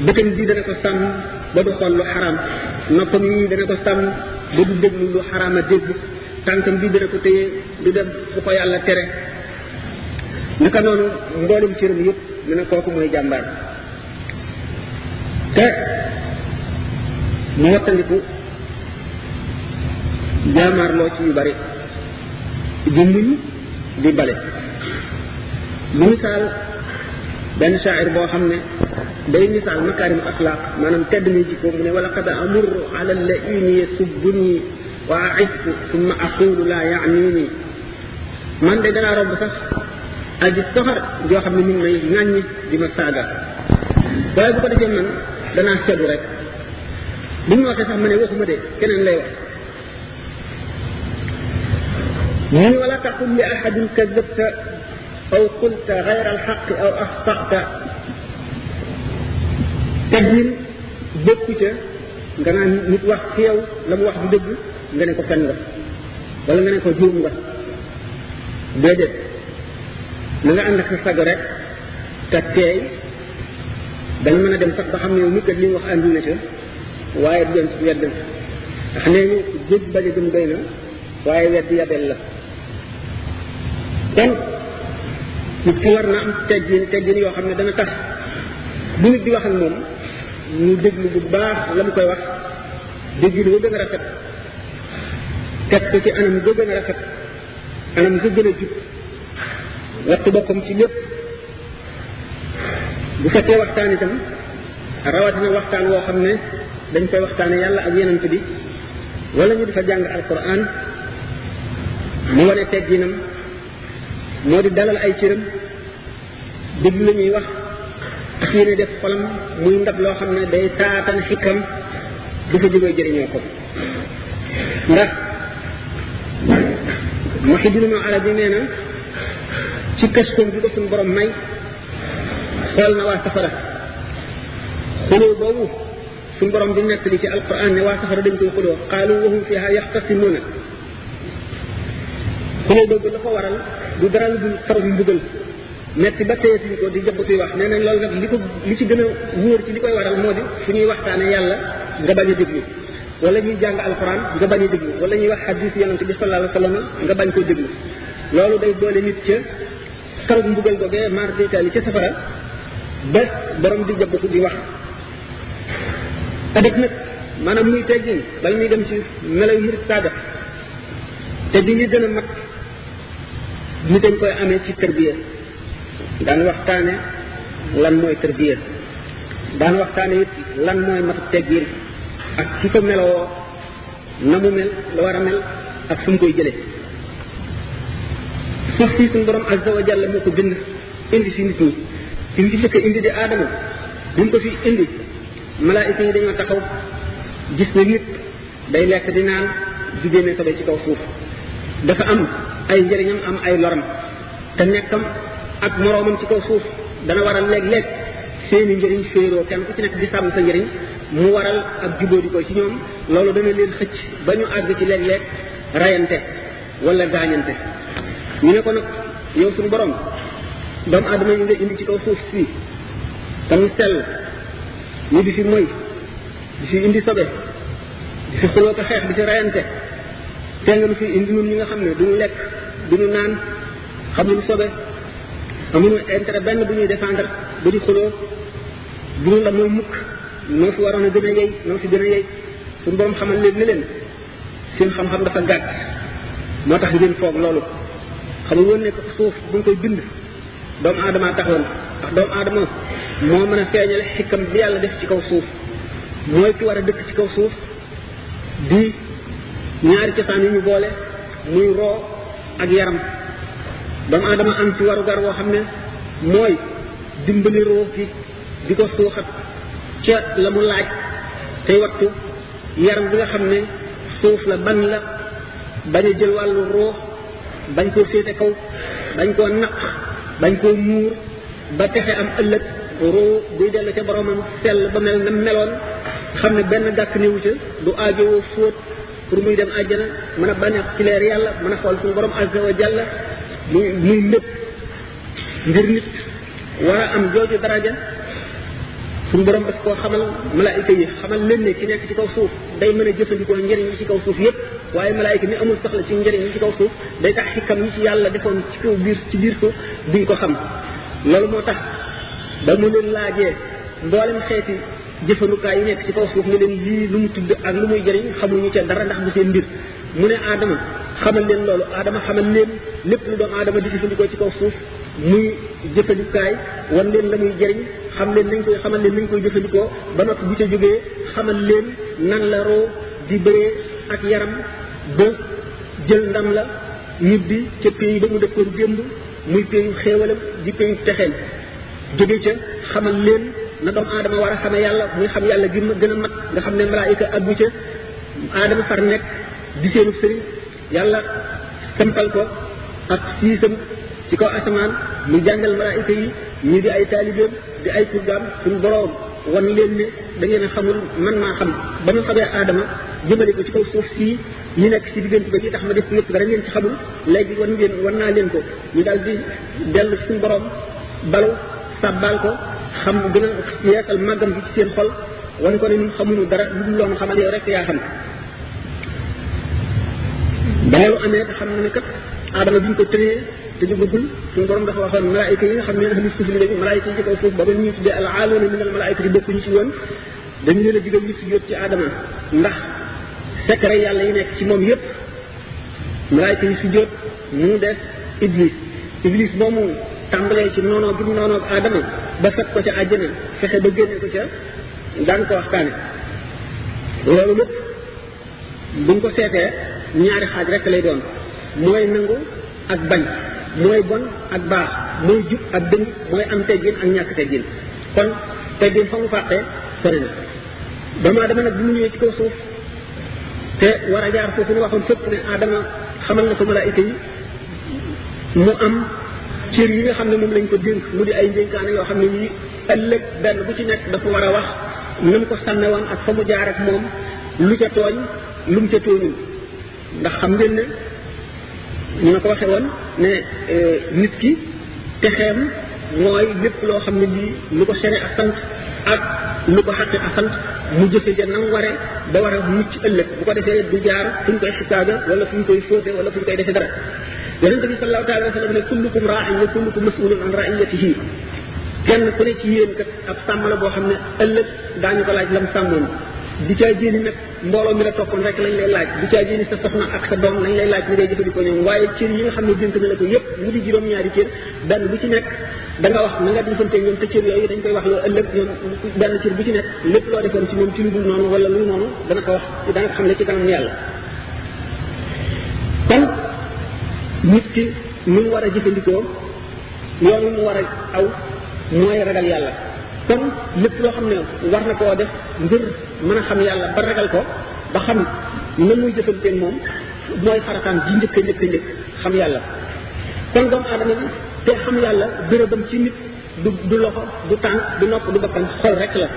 bëtam bi dana ko sàmm ba du xool lu xaram noppam yi dana ko sàmm ba du déglu lu xaram a dégg tànkam bi dana ko téye du dem fu ko yàlla tere naka noonu mboolum cëram yëpp mu ne kooku mooy jàmbaar te mu wattandiku jaamaarloo ci yu bari di muñ di bale mu misaal benn shaa'ir boo xam ne day misaal makarim axlaq maanaam tedd ngay jikko mu ne wala qad amurru ala allaini yasubbuni wa aisku summa aqulu la yaanini man de danaa romb sax aji soxor joo xam ne mi ngi may ŋàññi di ma saaga waaye bu ko defee man danaa segu rek bu ñu waxee sax ma ne waxuma de keneen lay wax من ولا تقل لأحد كذبت أو قلت غير الحق أو أخطأت tegin bokku ca nga naan nit wax ci yow la mu wax du dëgg nga ne ko fen nga wala nga ne ko juum nga déedéet na nga ànd ak sa sag rek te teey da nga dem sax ba xam ne yow mi wahai li wax àndu na ca waaye dem ci wedd ndax nee ñu waaye wedd yabel la kon nit ki war na am teggin teggin yoo xam ne dana tax bu nit di wax ak moom ñu déglu bu baax la mu koy wax déggin wa gën a rafet teg ko ci anam ga gën a rafet anam ga gën a jub wattu boppam ci lépp bu fekkee waxtaan itam rawatina waxtaan woo xam ne dañ koy waxtaane yàlla ak yenant bi wala ñu dafa jàng alquran mu wane tegginam moo di dalal ay cëram déglu la wax tax yéene def xolam muy ndab loo xam ne day taatan xikkam du fa jógee jëriñoo ko ndax Muhyiddin Arabi nee na ci këskoom bi ko suñu may xool na waa safara xuloo boobu suñu borom di nettali ci alquran ne waa safara dañ koy xuloo qaalu wa hum fiha yaxtasimuuna xuloo boobu la ko waral du dara lu dul sababu mbugal metti ba téyatuñ ko di jëpp kuy wax nee nañ loolu nag li ko li ci gën a wóor ci li koy waral moo di fu ñuy waxtaane yàlla nga bañ a déglu wala ñuy jàng alxuraan nga bañ a déglu wala ñuy wax xadis yonente bi sallallahu alayhi wasallam nga bañ koo déglu loolu day boole nit ca karug mbugal googee mar ditaali ca safara ba boroom di jëpp ku di wax adab nag maanaam muy teggin bala ñuy dem ci melaw yi saaga te di ñu gën a mag ñu dañ koy amee ci tërbiya daan waxtaane lan mooy tërbiya daan waxtaane it lan mooy matu teggin ak ki ko meloo na mu mel war a mel ak fu mu koy jële suuf si suñu borom azza wa jalla ko bind indi si nit ñi fi mu fi indi di aadama bi mu ko fi indi malaayika yi dañoo taxaw gis na nit day lekk di naan di génne sobe ci kaw suuf dafa am ay njëriñam am ay loram te nekkam ak moroomam ci kaw suuf dana waral léeg-léeg seeni njëriñ féeroo kenn ku ci nekk di sàmm sa njëriñ mu waral ak jubóo di ko ci ñoom loolu dana leen xëcc ba ñu àgg ci léeg-léeg rayante wala gaañante ñu ne ko nag yow suñu borom doomu aadama indi ci kaw suuf si te sell ñu di fi moy di fi indi sobe di fi xuloo ko xeex di fi rayante te nga nu fi indi ñun ñi nga xam ne duñu lekk duñu naan xam ñu sobe amuñu intere benn bu ñuy défendre ba di xuloo dunu la mooy mukk noo fi waroon a gën a yey noo fi gën a yey suñu borom xamal leen ne leen seen xam-xam dafa gàtt moo tax ngeen foog loolu xamuñ woon ne suuf bu ñu koy bind doomu aadama taxoon doomu aadama moo mën a feeñale xikkam bi yàlla def ci kaw suuf mooy ki war a dëkk ci kaw suuf di ñaari cosaan yu ñu boole muy roo ak yaram doomu aadama am ci warugar woo xam ne mooy dimbali roof gi ko suuxat ca la mu laaj tey wattu yaram bi nga xam ne suuf la ban la bañ a jël wàllu roox bañ koo féete kaw bañ koo naq bañ koo muur ba texe am ëllëg roo buy dellu ca boromam sell ba mel na meloon xam ne benn gàkk néewu ca du aajowoo fóot pour muy dem àjjana mën a bànneex ci leer yàlla mën a xool suñu borom azza muy muy lépp ngir nit war a am jooju daraja suñu borom daf ko xamal malaayika yi xamal leen ne ki nekk ci kaw suuf day mën a jëfandikoo njëriñ yi ci kaw suuf yépp waaye malaayika mi amul soxla ci njëriñ yi ci kaw suuf day tax xikam yi ci yàlla defoon ci kaw biir ci biir suuf duñ ko xam loolu moo tax ba mu leen laajee mboolem xeeti jëfandukaay yi nekk ci kaw suuf ne leen lii lu mu tudd ak lu muy jëriñ xamuñu ca dara ndax bu seen mbir mu ne aadama xamal leen loolu aadama xamal leen lépp lu doon aadama di jëfandikoo ci kaw suuf muy jëfandikaay wan leen la muy jëriñ xam leen nañ koy xamal leen nañ koy jëfandikoo ba noppi bu ca jógee xamal leen nan la di bëree ak yaram ndam la ñibbi ca pays ba mu dëkkoon démb muy pays xéewalam di pays texeel na doomu aadama war a xame yàlla muy xam yàlla gi gën a mat nga xam ne malaayika àggu ca aadama far nekk di seenu sëriñ yàlla sampal ko ak siisam ci kaw asamaan mu jàngal ma malaayika yi ñi di ay taalibeem di ay turgaam suñu boroom wan leen ne da ngeen a xamul man maa xam ba ma xamee aadama jëmale ko ci kaw suuf sii ñu nekk ci diggante ba li tax ma def yëpp dara ngeen ci xamul léegi wan ngeen wan naa leen ko ñu daal di dellu suñu boroom balu sàbbaal ko xam gën a yeesal màggam bi ci seen xol wan ko ne nu xamuñu dara lu dul loo xamal yow rek yaa xam ba loolu amee te xam ne kat aadama bi ñu ko tëree te jubagul suñu borom dafa waxoon malaayika yi nga xam ne ahli suuf lañu malaayika yi ci kaw suuf ba ba ñuy tuddee al aalona min malaayika yi bokkuñu ci woon dañu leen a digal ñu sujjóot ci aadama ndax secret yàlla yi nekk ci moom yépp malaayika yi sujjóot mu des iblis iblis moomu tàmbalee ci noonoo bi noonoo aadama ba sat ko ca àjjana fexe ba génne ko ca daan ko waxtaane loolu lépp buñ ko seetee ñaari xaaj rek lay doon mooy nangu ak bañ mooy bon ak baax mooy jub ak dëng mooy am teggin ak ñàkk teggin kon teggin fa mu fàqee sori na doomu adama nag bi mu ñëwee ci kaw suuf te war a jaar foofu ñu waxoon fépp ne adama xamal na ko malaayika yi mu am cër yi nga xam ne moom lañ ko dénk mu di ay njënkaane yoo xam ne ñii ëllëg benn bu ci nekk dafa war a wax na mu ko sànne woon ak fa mu jaar ak moom lu ca tooñ lu mu ca tooñul ndax xam ngeen ne ñu na ko waxee woon ne euh, nit ki texeem mooy lépp loo xam ne lii lu ko sene ak sant ak lu ko xaqi ak sant mu jëfe ja nam ware ba war a mucc ëllëg bu ko defee du jaar fu ñu koy xisaaga wala fu ñu koy fóote wala fu ñu koy defee dara yonente bi sallallahu taala wa sallam ne kullukum raa'in wa kullukum mas'ulun an ra'iyatihi kenn ku ne ci la boo xam ne ëllëg ñu ko laaj lam sàmmoon du caa jéeni nag mbooloo mi la toppoon rek lañ lay laaj du caa jéeni sa soxna ak sa doom lañ lay laaj ni ngay jëfandikoo ñoom waaye cër yi nga xam ne dénk na la ko yépp mu di juróom-ñaari cër benn bu ci nekk da nga wax na nga te ñoom te cër yooyu dañ koy wax loo ëllëg ñoom benn cër bu ci nekk lépp loo defoon ci moom ci lu dul noonu wala lu noonu dana ko wax dana ko xam ne ci kanam yàlla kon nit ki ni war a jëfandikoo yoon mu war a aw mooy yàlla kon lépp loo xam ne war na koo def ngir mën a xam yàlla ba ragal ko ba xam na muy jëfanteeg moom mooy farataam ji njëkk a njëkk xam yàlla kon doomu aadama bi te xam yàlla bérébam ci nit du du loxo du tànk du nopp du bakkan xol rek la